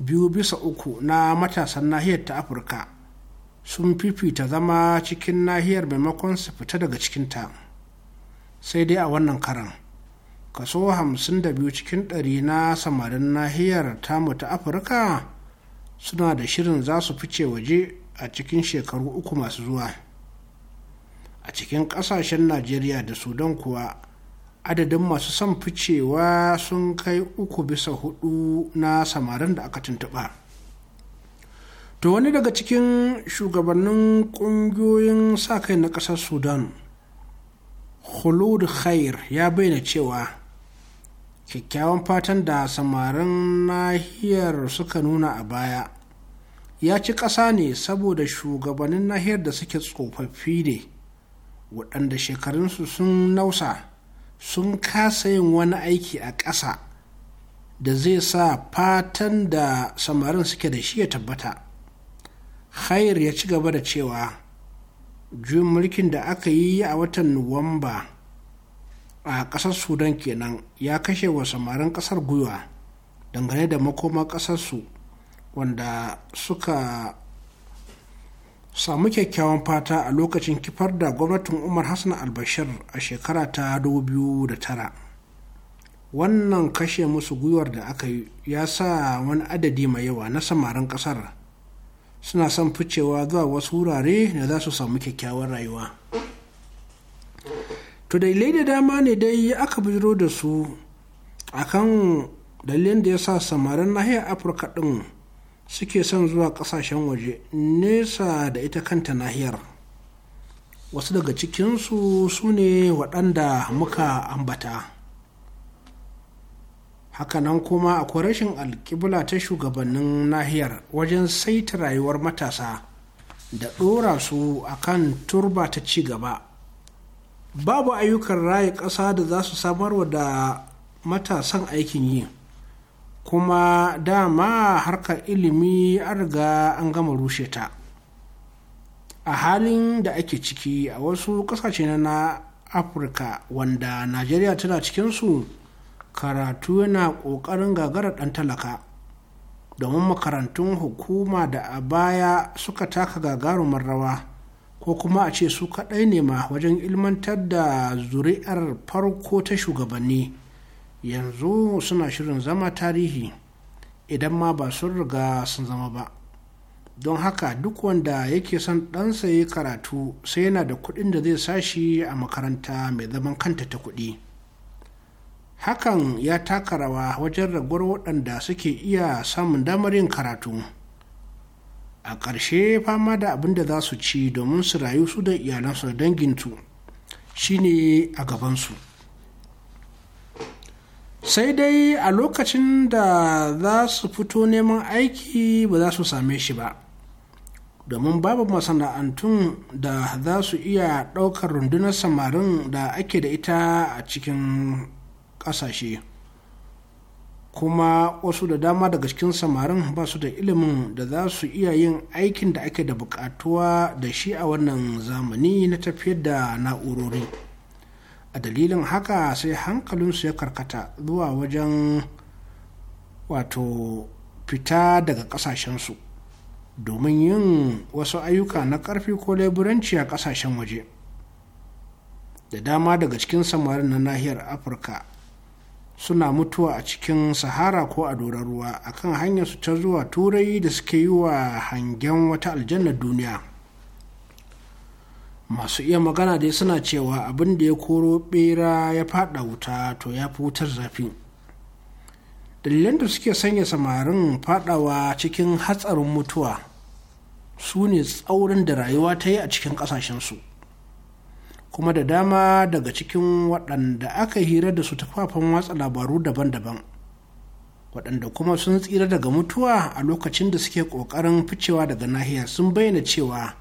biyu bisa uku na matasan nahiyar ta afirka sun fifita zama cikin nahiyar maimakon su fita daga cikinta sai dai a wannan karan kaso Hamsin da biyu cikin ɗari na samarin nahiyar tamu ta afirka suna da shirin za su fice waje a cikin shekaru uku masu zuwa a cikin ƙasashen najeriya da sudan kuwa adadin masu son ficewa sun kai uku bisa hudu na samarin da aka tuntuɓa to wani daga cikin shugabannin ƙungiyoyin sa-kai na ƙasar sudan khulud khair ya bayyana cewa kyakkyawan fatan da samarin nahiyar suka nuna a baya ya ci ƙasa ne saboda shugabannin nahiyar da suke tsofaffi ne waɗanda shekarunsu sun nausa sun kasa yin wani aiki a ƙasa da zai sa fatan da samarin suke da shi ya tabbata khair ya ci gaba da cewa juyin mulkin da aka yi a watan nuwamba a ƙasar sudan kenan ya kashe wa samarin ƙasar gwiwa dangane da makoma ƙasarsu wanda suka samu kyakkyawan fata a lokacin kifar da gwamnatin umar hassan albashir a shekara ta 2009 wannan kashe musu gwiwar da aka yi ya sa wani adadi mai yawa na samarin kasar suna son ficewa zuwa wasu wurare da za su samu kyakkyawan rayuwa to dalilai da dama ne dai aka bijiro da su akan dalilin da ya sa samarin nahiyar afirka ɗin suke son zuwa kasashen waje nesa da ita kanta nahiyar wasu daga cikinsu su ne waɗanda muka ambata hakanan kuma akwai rashin alƙibla ta shugabannin nahiyar wajen saita rayuwar matasa da ɗora su a kan turba ta ci gaba babu ayyukan raye ƙasa da za su samarwa da matasan aikin yi kuma dama harkar ilimi an riga an gama rushe ta a halin da ake ciki a wasu kasashe na afirka wanda najeriya tana cikinsu karatu yana ƙoƙarin gagarar ɗan talaka domin makarantun hukuma da a baya suka taka gagarumin rawa ko kuma a ce su kaɗai ne wajen ilmantar da zuri'ar farko ta shugabanni yanzu suna shirin zama tarihi idan ma ba sun riga sun zama ba don haka duk wanda yake son ɗansa ya karatu sai yana da kuɗin da zai sashi a makaranta mai zaman kanta ta kuɗi hakan ya taka rawa wajen ragwar waɗanda suke iya samun damar yin karatu a ƙarshe fama da abin da za su ci domin su rayu su da iyalansu da danginsu shine a gabansu sai dai a lokacin da za su fito neman aiki ba za su same shi ba domin babu masana'antun da za su iya ɗaukar rundunar samarin da ake da ita a cikin ƙasashe kuma wasu da dama daga cikin samarin ba su da ilimin da za su iya yin aikin da ake da buƙatuwa da shi a wannan zamani na tafiyar da na'urori. a dalilin haka sai hankalinsu ya karkata zuwa wajen wato fita daga ƙasashensu domin yin wasu ayyuka na ƙarfi ko leburanci a ƙasashen waje da dama daga cikin samarin na nahiyar afirka suna mutuwa a cikin sahara ko a doron ruwa akan su ta zuwa turai da suke yi wa hangen wata aljannar duniya masu iya magana dai suna cewa abin da ya koro bera ya fada wuta to ya fi wutar zafi dalilan da suke sanya samarin fadawa cikin hatsarin mutuwa su ne tsaurin da rayuwa ta yi a cikin ƙasashensu kuma da dama daga cikin waɗanda aka hira da su tafafan watsa labaru daban-daban waɗanda kuma sun tsira daga mutuwa a lokacin da suke ƙoƙarin ficewa daga nahiya sun bayyana cewa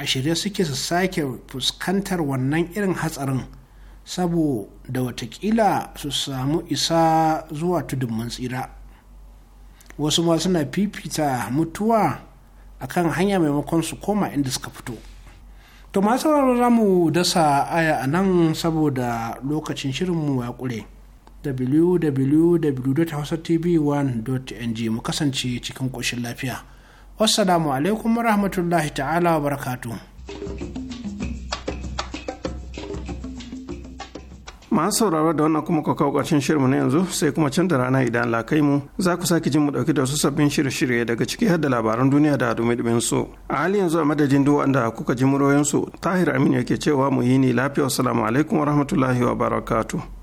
a shirye suke su sake fuskantar wannan irin hatsarin saboda watakila su samu isa zuwa tudun tsira wasu ma suna fifita mutuwa a kan hanya maimakon su koma inda suka fito to ma sauraro za mu dasa aya a nan saboda lokacin shirinmu ya kure www.hausatv1.ng mu kasance cikin ƙoshin lafiya wassalamu alaikum rahmatullahi ta'ala wa barakatu masu sauraro da wannan kuma kawo ƙarshen shirinmu na yanzu sai kuma canza rana idan lakai mu za ku sake jin mu ɗauki da wasu sabbin shirye-shirye daga ciki har da labaran duniya da dumi su a hali yanzu a madadin duk wanda kuka ji muroyinsu su tahir amin yake cewa mu yi ni lafiya assalamu alaikum wa rahmatullahi wa barakatu.